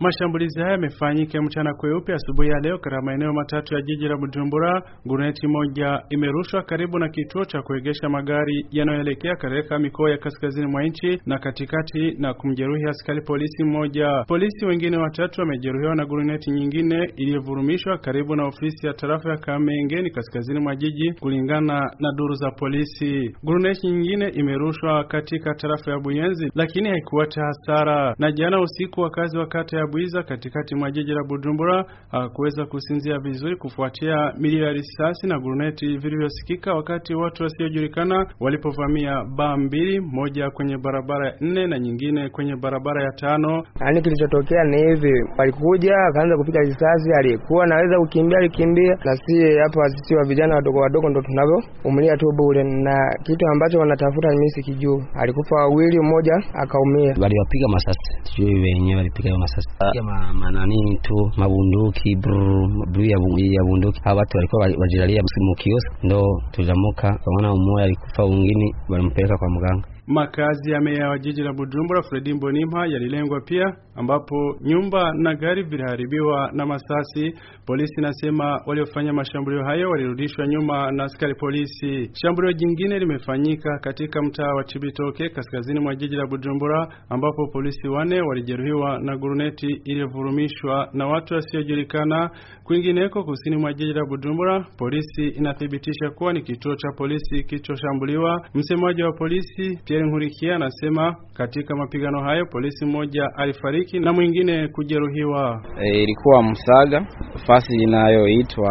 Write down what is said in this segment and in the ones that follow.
Mashambulizi haya yamefanyika mchana kweupe asubuhi ya leo katika maeneo matatu ya jiji la Bujumbura. Guruneti moja imerushwa karibu na kituo cha kuegesha magari yanayoelekea katika mikoa ya kaskazini mwa nchi na katikati, na kumjeruhi askari polisi mmoja. Polisi wengine watatu wamejeruhiwa na guruneti nyingine iliyovurumishwa karibu na ofisi ya tarafa ya Kamengeni, kaskazini mwa jiji, kulingana na duru za polisi. Guruneti nyingine imerushwa katika tarafa ya Buyenzi, lakini haikuacha hasara. Na jana usiku wakazi wa kata ya Bwiza katikati mwa jiji la Bujumbura hawakuweza ah, kusinzia vizuri kufuatia milio ya risasi na guruneti vilivyosikika wakati watu wasiojulikana walipovamia baa mbili, moja kwenye barabara ya nne na nyingine kwenye barabara ya tano. Yaani kilichotokea ni hivi, walikuja akaanza kupiga risasi, aliyekuwa naweza kukimbia alikimbia, na si hapa sisi wa vijana wadogo wadogo ndo tunavyo umlia tu bure, na kitu ambacho wanatafuta mimi kijuu Alikufa wawili, mmoja akaumia, waliwapiga masasi, sijui wenyewe walipiga masasi Ah. manani tu mabunduki brr, ya, ya bunduki. Hawa watu walikuwa wajilalia mu kiosk, ndo tujamuka kaona umoya alikufa, wengine walimpeleka kwa mganga. Makazi ya meya wa jiji la Bujumbura Fredi Mbonimpa yalilengwa pia, ambapo nyumba na gari viliharibiwa na masasi. Polisi nasema waliofanya mashambulio hayo walirudishwa nyuma na askari polisi. Shambulio jingine limefanyika katika mtaa wa Chibitoke kaskazini mwa jiji la Bujumbura, ambapo polisi wane walijeruhiwa na guruneti iliyovurumishwa na watu wasiojulikana. Kwingineko kusini mwa jiji la Bujumbura, polisi inathibitisha kuwa ni kituo cha polisi kilichoshambuliwa. Msemaji wa polisi Pierre Nkurikia anasema katika mapigano hayo polisi mmoja alifariki na mwingine kujeruhiwa. E, ilikuwa Msaga, fasi inayoitwa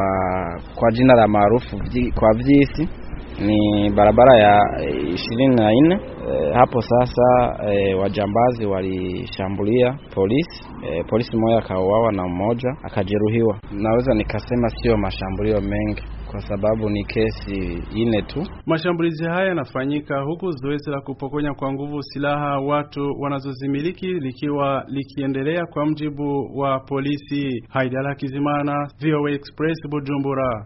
kwa jina la maarufu kwa vijisi ni barabara ya ishirini na nne. Eh, hapo sasa e, wajambazi walishambulia polisi e, polisi mmoja akauawa na mmoja akajeruhiwa. Naweza nikasema sio mashambulio mengi kwa sababu ni kesi ine tu. Mashambulizi haya yanafanyika huku zoezi la kupokonya kwa nguvu silaha watu wanazozimiliki likiwa likiendelea, kwa mjibu wa polisi. Haidala Kizimana, VOA Express, Bujumbura.